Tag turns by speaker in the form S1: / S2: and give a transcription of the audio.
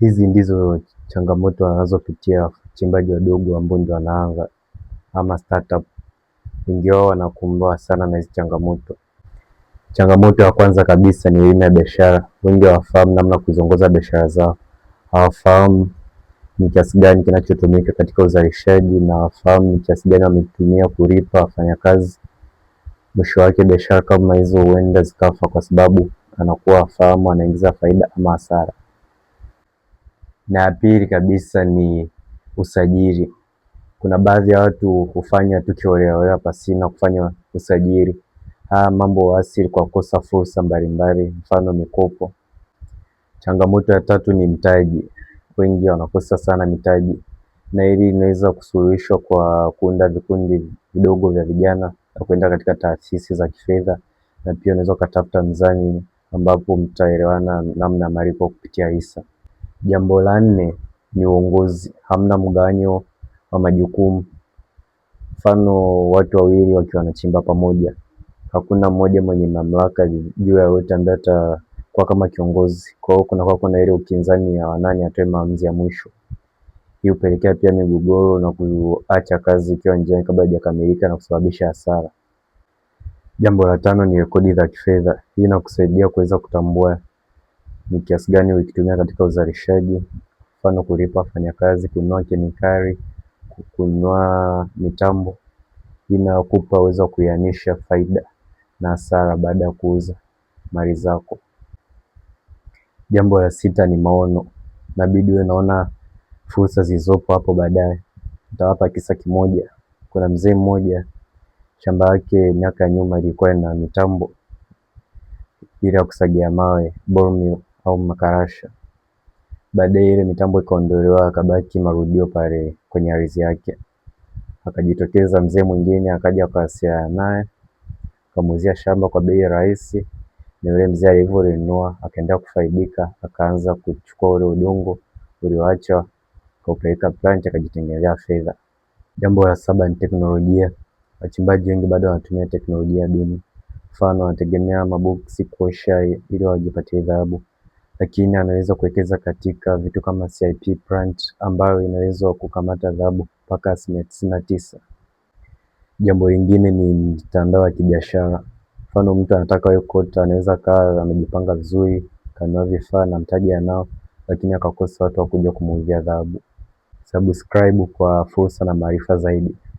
S1: Hizi ndizo changamoto wanazopitia wachimbaji wadogo ambao ndio wanaanza ama startup. Wengi wao wanakumbwa sana na hizi changamoto. Changamoto ya kwanza kabisa ni elimu ya biashara. Wengi hawafahamu namna kuzongoza biashara zao, hawafahamu ni kiasi gani kinachotumika katika uzalishaji, na hawafahamu ni kiasi gani wametumia kulipa wafanyakazi. Mwisho wake biashara kama hizo huenda zikafa, kwa sababu anakuwa hafahamu anaingiza faida ama hasara na ya pili kabisa ni usajili. Kuna baadhi ya watu hufanya tu kiholelaholela pasina kufanya usajili. Haya mambo huathiri kwa kukosa fursa mbalimbali, mfano mikopo. Changamoto ya tatu ni mtaji, wengi wanakosa sana mitaji, na hili inaweza kusuluhishwa kwa kuunda vikundi vidogo vya vijana na kwenda katika taasisi za kifedha, na pia unaweza ukatafuta mzani ambapo mtaelewana namna ya malipo kupitia hisa. Jambo la nne ni uongozi, hamna mgawanyo wa majukumu. Mfano, watu wawili wakiwa wanachimba pamoja, hakuna mmoja mwenye mamlaka juu ya wote ambaye atakuwa kama kiongozi. Kwa hiyo kunakuwa kuna ile ukinzani ya wanani atoe maamuzi ya mwisho. Hii hupelekea pia migogoro na kuacha kazi ikiwa njiani kabla haijakamilika na kusababisha hasara. Jambo la tano ni rekodi za kifedha. Hii inakusaidia kuweza kutambua ni kiasi gani ukitumia katika uzalishaji, mfano kulipa wafanyakazi, kununua kemikali, kununua mitambo. Inakupa uwezo wa kuianisha faida na hasara baada ya kuuza mali zako. Jambo la sita ni maono, nabidi uwe naona fursa zilizopo hapo baadaye. Nitawapa kisa kimoja. Kuna mzee mmoja shamba yake miaka ya nyuma ilikuwa na mitambo ile ya kusagia mawe, bore mill au makarasha. Baadaye ile mitambo ikaondolewa, akabaki marudio pale kwenye ardhi yake. Akajitokeza mzee mwingine, akaja akawasiliana naye, akamuuzia shamba kwa bei rahisi. Na yule mzee alivyolinunua, akaenda kufaidika, akaanza kuchukua ule udongo ulioachwa akaupeleka plant, akajitengenezea fedha. Jambo la saba ni teknolojia. Wachimbaji wengi bado wanatumia teknolojia duni, mfano wanategemea maboksi kuosha ili wajipatie dhahabu lakini anaweza kuwekeza katika vitu kama CIP Plant ambayo inaweza kukamata dhahabu mpaka asilimia tisini na tisa. Jambo lingine ni mtandao wa kibiashara. Mfano, mtu anataka kota, anaweza kaa amejipanga vizuri, kanua vifaa na mtaji anao, lakini akakosa watu wa kuja kumuuzia dhahabu. Subscribe kwa fursa na maarifa zaidi.